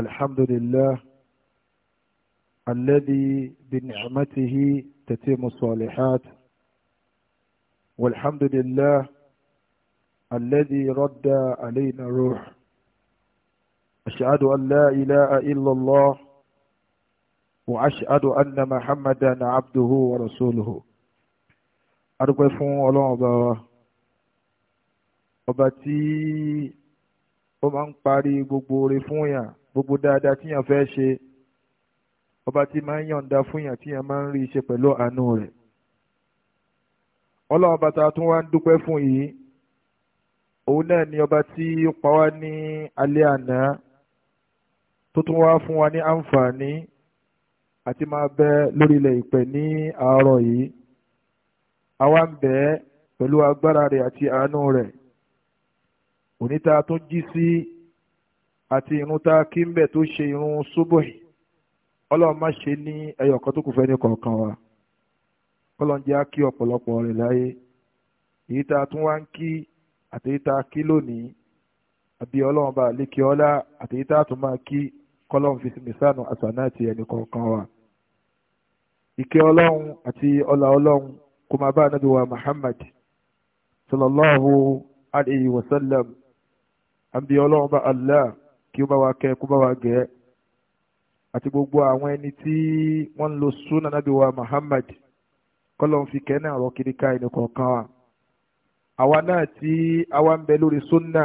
الحمد لله الذي بنعمته تتم الصالحات والحمد لله الذي رد علينا الروح أشهد أن لا إله إلا الله وأشهد أن محمدا عبده ورسوله أرجو فون الله ọba tí ó máa ń parí gbogbo dáadáa tíyàn fẹ́ ṣe ọba tí máa ń yọ̀ǹda fún yàn tíyàn máa ń rí iṣẹ́ pẹ̀lú àánú rẹ̀ ọlọ́run bàtà tún wá ń dúpẹ́ fún yìí òun náà ni ọba tí ó pa wá ní alẹ́ àná tó tún wá fún wa ní àǹfààní àti máa bẹ lórílẹ̀ ìpẹ́ ní àárọ̀ yìí àwa ń bẹ̀ pẹ̀lú agbára rẹ̀ àti àánú rẹ̀ òní tá tún jí sí. Si, àti irun tá a kí ń ṣe irun súbùhì ọlọ́run má ṣe ní ẹyọ kan tó kù fẹ́ni kọ̀ọ̀kan wa ọlọ́run jẹ́ kí ọ̀pọ̀lọpọ̀ rẹ̀ láyé èyí tá a tún wá ń kí àti èyí tá a kí lónìí àbí ọlọ́run bá ọlá àti èyí tá a tún máa kí kọ́lọ́run fi mìsánù àtàná àti ẹnì kọ̀ọ̀kan wa ìkẹ́ ọlọ́run àti ọlọ́run máa bá wa Muhammad kí ó bá wa kẹ́ kó bá wa gẹ́ àti gbogbo àwọn ẹni tí wọ́n lo sunna nabi wa Muhammad kọ́lọ́n fi kẹ́ náà rọ kiri ká ẹni kọ̀ọ̀kan wa àwa náà tí àwa ń bẹ lórí sunna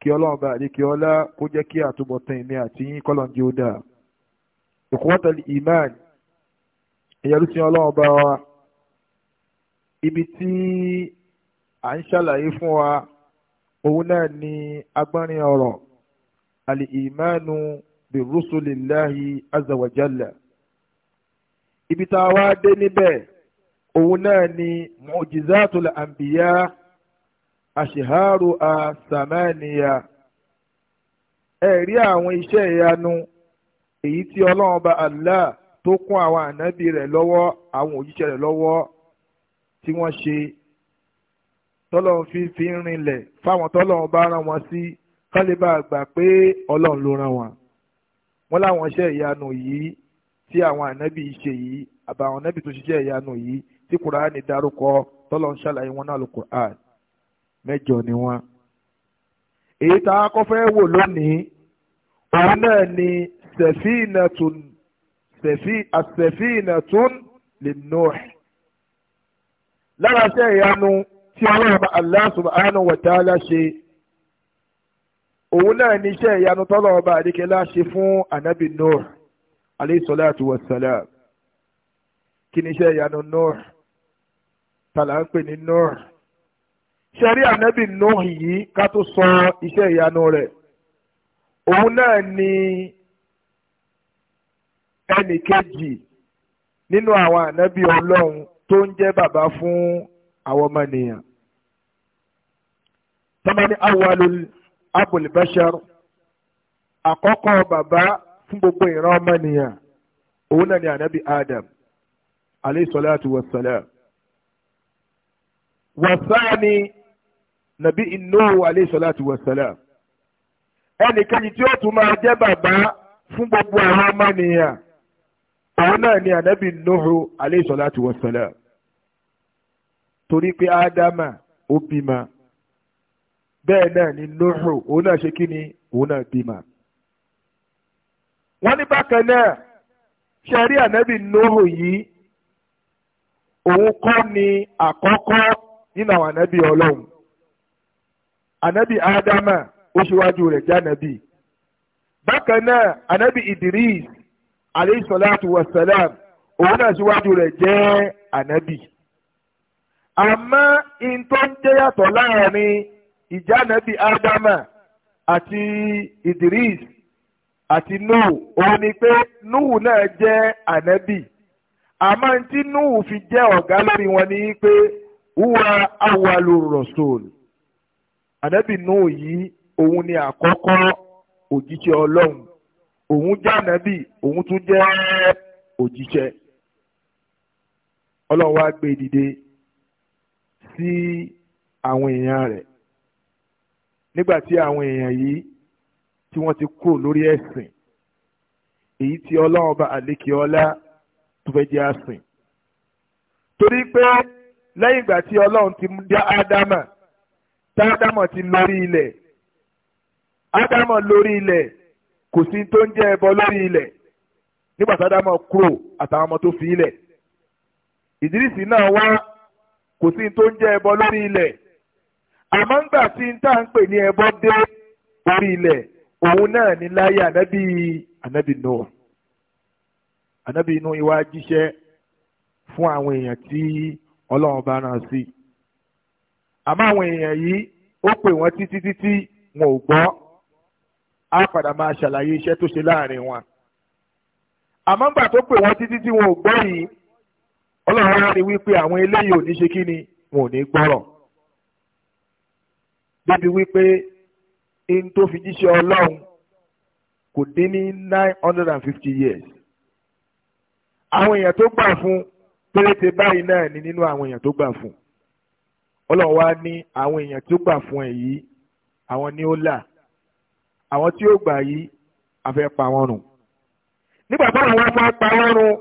kí ọlọ́run bá àdékè ọlá kó jẹ́ kí àtúbọ̀tán ìmí àti yín kọ́lọ́n jẹ́ ó dáa ìkúwọ́tà ìmáàn ìyẹ́rú sí ọlọ́run bá wa ibi tí à ń ṣàlàyé fún wa òun náà ni agbọ́nrin ọ̀rọ̀ الإيمان bí الله azawajalla ibi tá a wá dé níbẹ̀ òun náà ni mu'jizatul anbiya àṣìhárò a sàmáníyà ẹ̀rí àwọn iṣẹ́ ìyanu èyí tí ọlọ́run bá Allah tó kún àwọn ànábì rẹ̀ lọ́wọ́ àwọn òjíṣẹ́ rẹ̀ lọ́wọ́ tí wọ́n ṣe tọ́lọ́run fi fi ń rinlẹ̀ fáwọn tọ́lọ́run bá rán wọn sí kálíbà gbà pé ọlọ́run ló rán wọn wọn láwọn iṣẹ́ ìyanu yìí tí àwọn ànábì ṣe yìí àbàwọn ànábì tó ṣiṣẹ́ ìyanu yìí tí kùránì dárúkọ tọ́lọ́ ń ṣàlàyé wọn náà lùkùránì mẹ́jọ ni wọ́n. èyí tá a kọ́ fẹ́ wò lónìí òun náà ni sẹ̀fínàtún sẹ̀fí lè nù ẹ̀. lára iṣẹ́ ìyanu tí ọlọ́run Allah subhanahu wa ta'ala òun náà ní iṣẹ́ ìyanu tọ́lọ̀ ọba àdékẹ́lá ṣe fún anabi Nuh alayhi salatu wassalam kí ni iṣẹ́ ìyanu Nuh tàlà ń pè ní Nuh ṣẹ́rí anabi Nuh yìí ká tó sọ iṣẹ́ ìyanu rẹ̀ òun náà ní ẹnì kejì nínú àwọn ànábì ọlọ́run tó ń jẹ́ bàbá fún àwọn ọmọnìyàn. tọ́mọ ní awalul abul bashar àkọ́kọ́ bàbá fún gbogbo ìran ọmọnìyàn òun náà ni ànábì adam alayhi salatu wa salam wasaani nabi inuhu alayhi salatu wa salam ẹnì kejì tí ó tún máa jẹ́ bàbá fún gbogbo àwọn ọmọnìyàn òun náà ni ànábì nuhu alayhi salatu wa salam torí pé ádámà ó bẹ́ẹ̀ náà ni Nuhu òun náà ṣe kí ni òun náà bímọ. wọ́n ní bákan náà ṣẹ̀rí ànábì Nuhu yìí òun kọ́ ni àkọ́kọ́ nínú àwọn ànábì ọlọ́run ànábì ádámà ó ṣíwájú rẹ̀ jẹ́ ànábì bákan náà ànábì idris aleyhisalatu wasalam òun náà ṣíwájú rẹ̀ jẹ́ ànábì àmọ́ ìtọ́jẹ́yàtọ̀ láàrin ìjà nàbí ádámà àti idris àti nuhu òun ni pé nuhu náà jẹ́ ànábì àmọ́ tí nuhu fi jẹ́ ọ̀gá lórí wọn ni pé huwa awalu rasul ànábì nuhu yìí òun ni àkọ́kọ́ òjíṣẹ́ ọlọ́run òun jẹ́ ànábì òun tún jẹ́ òjíṣẹ́ ọlọ́run wá gbé e dìde sí àwọn èèyàn rẹ̀ nígbà tí àwọn èèyàn yìí tí wọ́n ti kú lórí ẹ̀sìn èyí tí ọlọ́run bá àlékè ọlá tó fẹ́ jẹ́ àsìn. torí pé lẹ́yìn ìgbà tí ọlọ́run ti dá ádámà tá ádámà ti lórí ilẹ̀ ádámà lórí ilẹ̀ kò sí tó ń jẹ́ ẹbọ lórí ilẹ̀ nígbà tí ádámà kúrò àtàwọn ọmọ tó fi ilẹ̀ ìdírísì náà wá kò sí tó ń jẹ́ ẹbọ lórí ilẹ̀ àmọ́ ńgbà tí n tá à ń pè ní ẹbọ dé orí ilẹ̀ òun náà ní láyé ànábì ànábì Noa ànábì inú ìwà jíṣẹ́ fún àwọn èèyàn tí ọlọ́run bá rán sí àmọ́ àwọn èèyàn yìí ó pè wọ́n títí títí wọn ò gbọ́ á padà máa ṣàlàyé iṣẹ́ tó ṣe láàrin wọn àmọ́ ńgbà tó pè wọ́n títí tí wọn ò gbọ́ yìí ọlọ́run wá rí wípé àwọn eléyìí ò ní ṣe kí ni wọn ò ní gbọ́rọ̀ débi wípé in tó fi jíṣẹ́ ọlọ́run kò dín ní nine hundred and fifty years àwọn èèyàn tó gbà fún péréte báyìí náà ni nínú àwọn èèyàn tó gbà fún ọlọ́run wá ní àwọn èèyàn tó gbà fún ẹ̀ yìí àwọn ni ó là àwọn tí ó gbà yìí àfẹ́ pa wọ́n run nígbà táwọn wá fẹ́ pa wọ́n run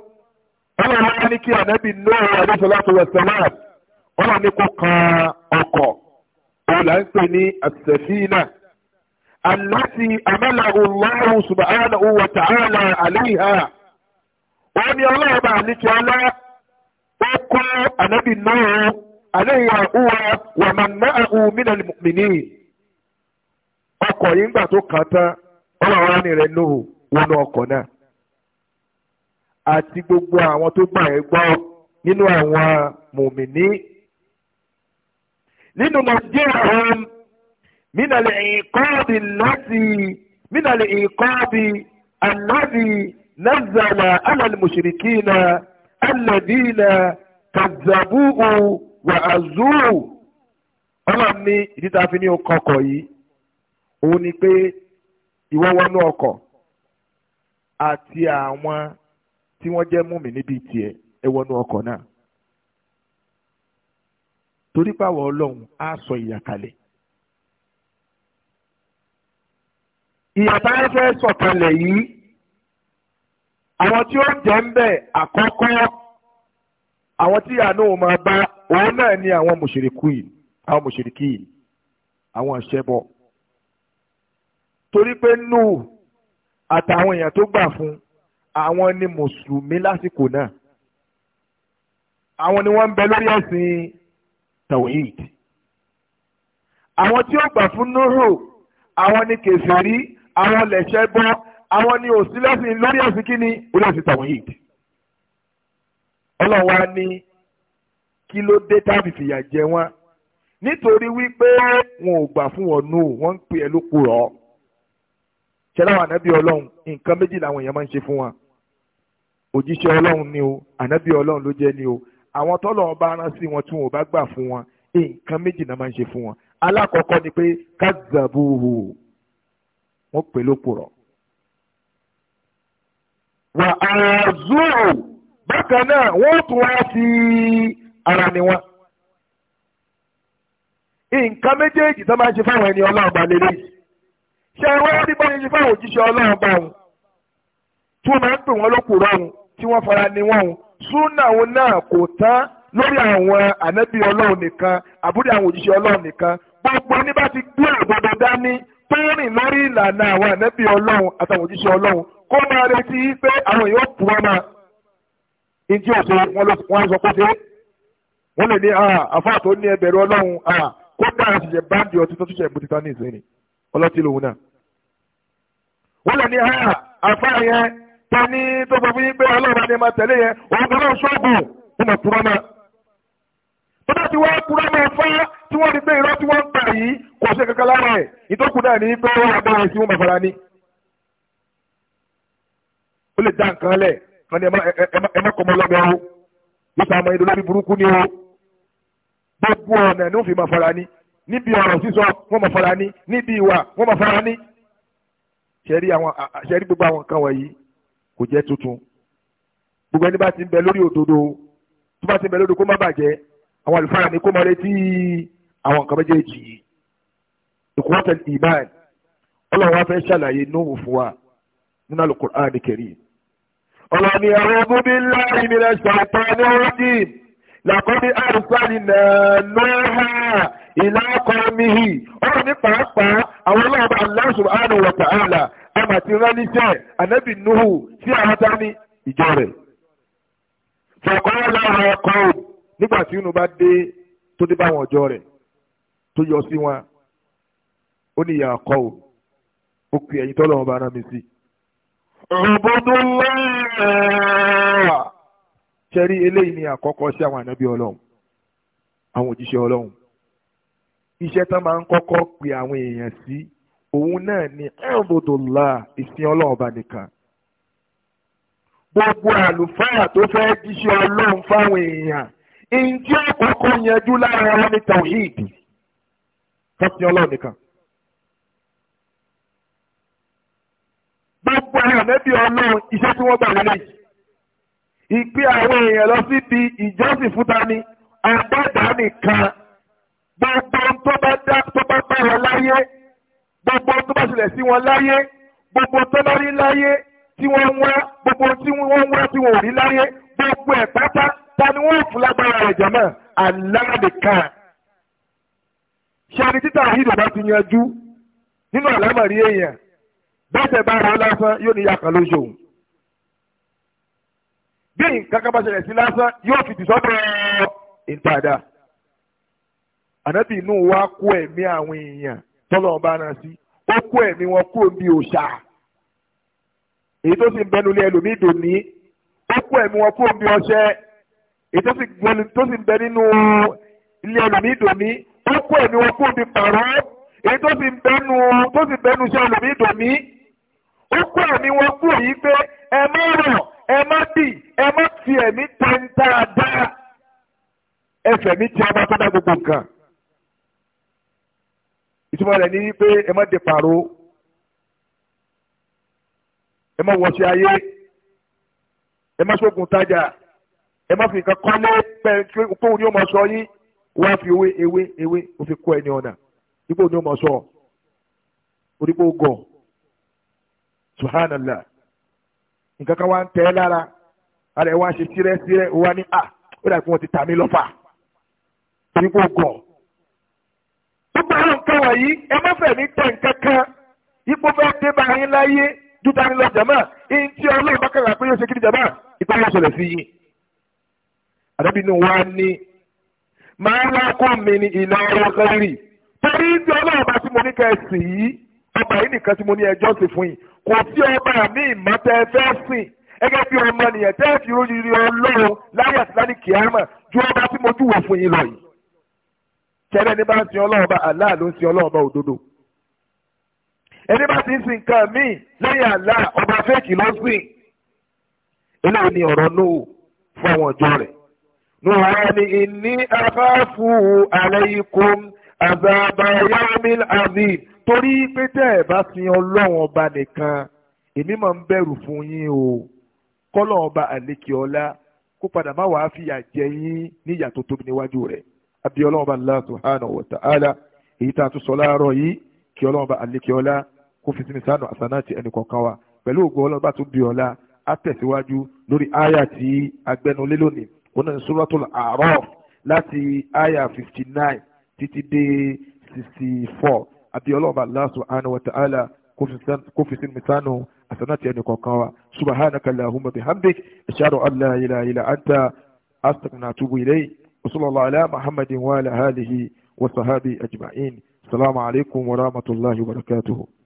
ọlọ́run wá ní kí ànábì Nuhu alayhi salatu wassalam ọlọ́run ní kó kan ọkọ̀ òun là ń pè ní àtẹ̀fínà àlọ́tì àmàlàhù Allahu subhanahu wa ta'ala àléhà wọ́n ní ọlọ́ọ̀bà àníkẹ́ ọlá ó kọ́ ànábì náà àléhà huwa wa man ma'ahu minal mu'minin ọkọ̀ yìí ń gbà tó kàn tán ọlọ́run á ní rẹ̀ lóhùn wọnú ọkọ̀ náà àti gbogbo àwọn tó gbà ẹ́ gbọ́ nínú àwọn mùmìnì nínú nàìjíríà hàn mínàlẹ̀ ìkọ́ọ̀bì láti mínàlẹ̀ ìkọ́ọ̀bì ànábì nàzàlà alàlẹ̀ mùsùlùkì náà alàbí náà kàzàbúhù wàhazúù ọlọ́run ní ìdí tá a fi ní ọkọ̀ ọkọ̀ yìí òun ni pé ìwọ wọnú ọkọ̀ àti àwọn tí wọ́n jẹ́ múmi níbi tiẹ̀ ẹ wọnú ọkọ̀ náà torí pàwọ̀ ọlọ́run á sọ ìyàkalẹ̀. ìyàtá ẹ fẹ́ sọ̀kalẹ̀ yìí àwọn tí ó jẹ́ ń bẹ̀ àkọ́kọ́ àwọn tí àánú máa bá òun náà ni àwọn mùṣìríkù yìí àwọn mùṣìríkì yìí àwọn ìṣẹ́bọ torí pé nù àtàwọn èèyàn tó gbà fún àwọn ni mùsùlùmí lásìkò náà àwọn ni wọ́n ń bẹ lórí ẹ̀sìn tawhid àwọn tí ó gbà fún nuhu àwọn ni kèfèrí àwọn lẹ̀ṣẹ̀ bọ́ àwọn ni òsínlẹ́sìn lórí ẹ̀sìn kínní orí ẹ̀sìn tawhid ọlọ́wà ni kí ló dé tábì fìyà jẹ wọn nítorí wípé wọn ò gbà fún wọn nù wọn ń pè é lóko rọ ṣẹlẹ́wọ̀n ànábì ọlọ́run nǹkan méjì làwọn èèyàn máa ń ṣe fún wọn òjíṣẹ́ ọlọ́run ni o ànábì ọlọ́run ló jẹ́ ni o àwọn tọ́lọ̀ ọba rán sí wọn tí wọn ò bá gbà fún wọn nǹkan méjì náà máa ń ṣe fún wọn alákọ̀ọ́kọ́ ni pé kazzabuhu wọ́n pè lópùrọ́ wà àzúrò bákan náà wọ́n tún wá sí ara ni wọn. nǹkan méjèèjì tó máa ń ṣe fáwọn ẹni ọlọ́run ba lélẹ́yìí ṣé wọ́n rí báyìí ṣe fáwọn òjíṣẹ́ ọlọ́run bá wọn tí máa ń pè wọ́n lópùrọ́ wọn. tí wọ́n fara ni wọ́n o súnà náà kò tán lórí àwọn ànábì ọlọ́run nìkan àbúrò àwọn òjíṣẹ́ ọlọ́run nìkan gbogbo bá ti gbé àgbàdo dání tó rìn lórí ìlànà àwọn ànábì ọlọ́run àtàwọn òjíṣẹ́ ọlọ́run kó máa retí pé àwọn yóò wọn ìdí òṣè sọ pé wọn lè ní ah, ní ah, ní tani tó sọ fún yín pé ọlọ́run ni máa tẹ̀lé yẹn òun kan náà ṣọ́ọ̀gùn ó mọ̀ kúrọ́ náà. tó bá ti wá kúrọ́ náà fá tí wọ́n ti gbé irọ́ tí wọ́n ń gbà yìí kò ṣe kankan lára ẹ̀ ìtọ́kùn náà ní pé wọ́n àgbà ẹ̀sìn wọn bàbára ní. ó lè dá nǹkan lẹ̀ wọ́n ní ẹ má kọ́mọ lọ́mọ o ó sá ọmọ ìdólórí burúkú ni o gbogbo ọ̀nà ni ó fi máa fara ní níbi ọ̀rọ̀ sísọ wọ́n máa fara ní níbi ìwà wọ́n máa fara ní ṣẹ́rí gbogbo àwọn kan wọ̀nyí kò jẹ́ tuntun gbogbo ẹni bá ti ń bẹ lórí òdodo tó bá ti ń bẹ lórí kó má bàjẹ́ àwọn àlùfáà ni kó máa retí àwọn nǹkan méjèèjì yìí ìkúwọ́tẹ̀ ìmáàn ọlọ́run wá fẹ́ ṣàlàyé nóhùn fún wa nínú alukur'an kẹrì ọlọ́ni a'udhu billahi minash shaitanir rajim laqad arsalna Nuha ila qawmihi ọ̀rọ̀ ní pàápàá àwọn ọlọ́run Allah subhanahu wa ta'ala mà ti ránníṣẹ́ ànábì nuhu sí àwọn tání ìjọ rẹ̀. fọ̀kọ́rọ́ lára ọkọ̀ o nígbà tí inú bá dé tó dé báwọn ọjọ́ rẹ̀ tó yọ sí wọn ó ní ìyá ọkọ̀ o ó pè ẹ̀yìn tọ́lọ́ ọba ara mi sí. ọ̀bọ̀dúnlá ṣẹ́rí eléyìí ni àkọ́kọ́ sí àwọn ànábì ọlọ́run àwọn òjíṣẹ́ ọlọ́run iṣẹ́ tán máa ń kọ́kọ́ pè àwọn èèyàn sí òun náà ni ẹ̀rọ̀dọ̀lá ìsìn ọlọ́ọ̀ba nìkan gbogbo àlùfáà tó fẹ́ jíṣẹ́ ọlọ́run fáwọn èèyàn ìǹtí àkọ́kọ́ yanjú lára wọn ní tàwíìdì fọ́sìn ọlọ́run nìkan. gbogbo ànábì ọlọ́run iṣẹ́ tí wọ́n gbà wọlé yìí ìpè àwọn èèyàn lọ síbi ìjọsìn fúta ni nìkan gbogbo bá ṣẹlẹ̀ sí wọn láyé gbogbo tó bá rí láyé tí wọ́n wá gbogbo tí wọ́n wá tí wọ́n ò rí láyé gbogbo ẹ̀ pátá ta ni wọ́n fún lágbára rẹ̀ jàmọ́ aláàdìkà ṣẹ́ni títà àhídò bá ti yanjú nínú àlámọ̀rí èèyàn bẹ́sẹ̀ bá ra lásán yóò ní yàkàn lóṣù bí nǹkan kan bá ṣẹlẹ̀ sí lásán yóò fi dìsọ́dọ̀ ìpadà ànábì inú wa kó ẹ̀mí àwọn èèyàn tọ́lọ́ ọba náà sí ó kó ẹ̀mí wọn kúrò bí òòṣà èyí tó sì ń bẹnu lé ẹlòmíì dòní ó kó ẹ̀mí wọn kúrò bí ọṣẹ èyí tó sì ń bẹ nínú ilé ẹlòmíì dòní ó kó ẹ̀mí wọn kúrò bí pàrọ̀ èyí tó sì ń bẹnu tó sì bẹnu ṣe ẹlòmíì dòní ó kó ẹ̀mí wọn kúrò yìí pé ẹ má rọ̀ ẹ má bì ẹ má ti ẹ̀mí tẹ́ńtà dáa ẹ tí a bá tó dá gbogbo nǹkan ìtumọ̀ rẹ̀ ní pé ẹ má di pààrọ̀ ẹ má wọṣẹ ayé ẹ má ṣoògùn tajà ẹ má fi nǹkan kọ́lé pẹ̀lú òun ni ó mọ̀ sọ yín wá fi ewé ewé ewé ó fi kọ́ ẹni ọ̀nà dípò ni ó mọ̀ sọ orípò gọ̀ subhanallah nǹkan kan wá ń tẹ́ ẹ lára ara ẹ wá ṣe sírẹ́sírẹ́ wá ní à ah, ó dàbí wọn ti tà mí lọ́fà orípò gọ̀ gbogbo àwọn nǹkan wọ̀nyí ẹ má fẹ̀ ní tẹ̀ nkankan ipò fẹ́ dé bá yín láyé dúdà ní lọ jàmá ẹni tí ọlọ́run bá kàrà pé yóò ṣe kí ni jàmá ìpamọ́ sọ̀rọ̀ sí yín. àdàbí ni wàá ní máa ń wá kó mi ní ìlà ọlọ́kọ́ rì torí tí ọlọ́run bá tí mo ní kẹsì yìí ọba yìí nìkan tí mo ní ẹjọ́ sì fún yìí kò sí ọba mi ìmọ̀tẹ́ fẹ́ sìn ẹgẹ́ bí ọmọ nìyẹn tẹ́ẹ̀fì oríire ọlọ́run láyà sí lálẹ́ kìámà ju ọba tí mo júwèé fún yín lọ yìí tẹ́lẹ̀ ní bá ń sin ọlọ́run bá Allah ló ń sin ọlọ́run bá òdodo ẹni bá ti ń sin nǹkan míì lẹ́yìn Allah ọba fẹ́ẹ̀kì ló sìn eléyìí ni ọ̀rọ̀ nóò fún àwọn ọjọ́ rẹ̀ nóò ara ni inni akhafu alaykum azaba yawmil azim torí pé tẹ́ ẹ̀ bá sin ọlọ́run ọba nìkan èmi máa ń bẹ̀rù fún yín o kọ́lọ́run ọba àlekè ọlá kó padà má wàá fìyà jẹ yín níyà tóbi níwájú rẹ̀ àbí ọlọ́run bá Allah subhanahu wa ta'ala èyí tá a tún sọ láàárọ̀ yìí kí ọlọ́run bá àlékèọ́lá kó fi sínú sánú àsánáàtì ẹnì kọ̀ọ̀kan wa pẹ̀lú ògùn ọlọ́run bá tún di ọ̀la á tẹ̀síwájú lórí àyà tí agbẹnulé lónìí òun náà ní láti àyà fifty nine títí dé sixty four àbí ọlọ́run bá Allah subhanahu wa kó fi sínú sánú àsánáàtì ẹnì kọ̀ọ̀kan wa subhanaka وصلى الله على محمد وعلى آله وصحابه أجمعين السلام عليكم ورحمة الله وبركاته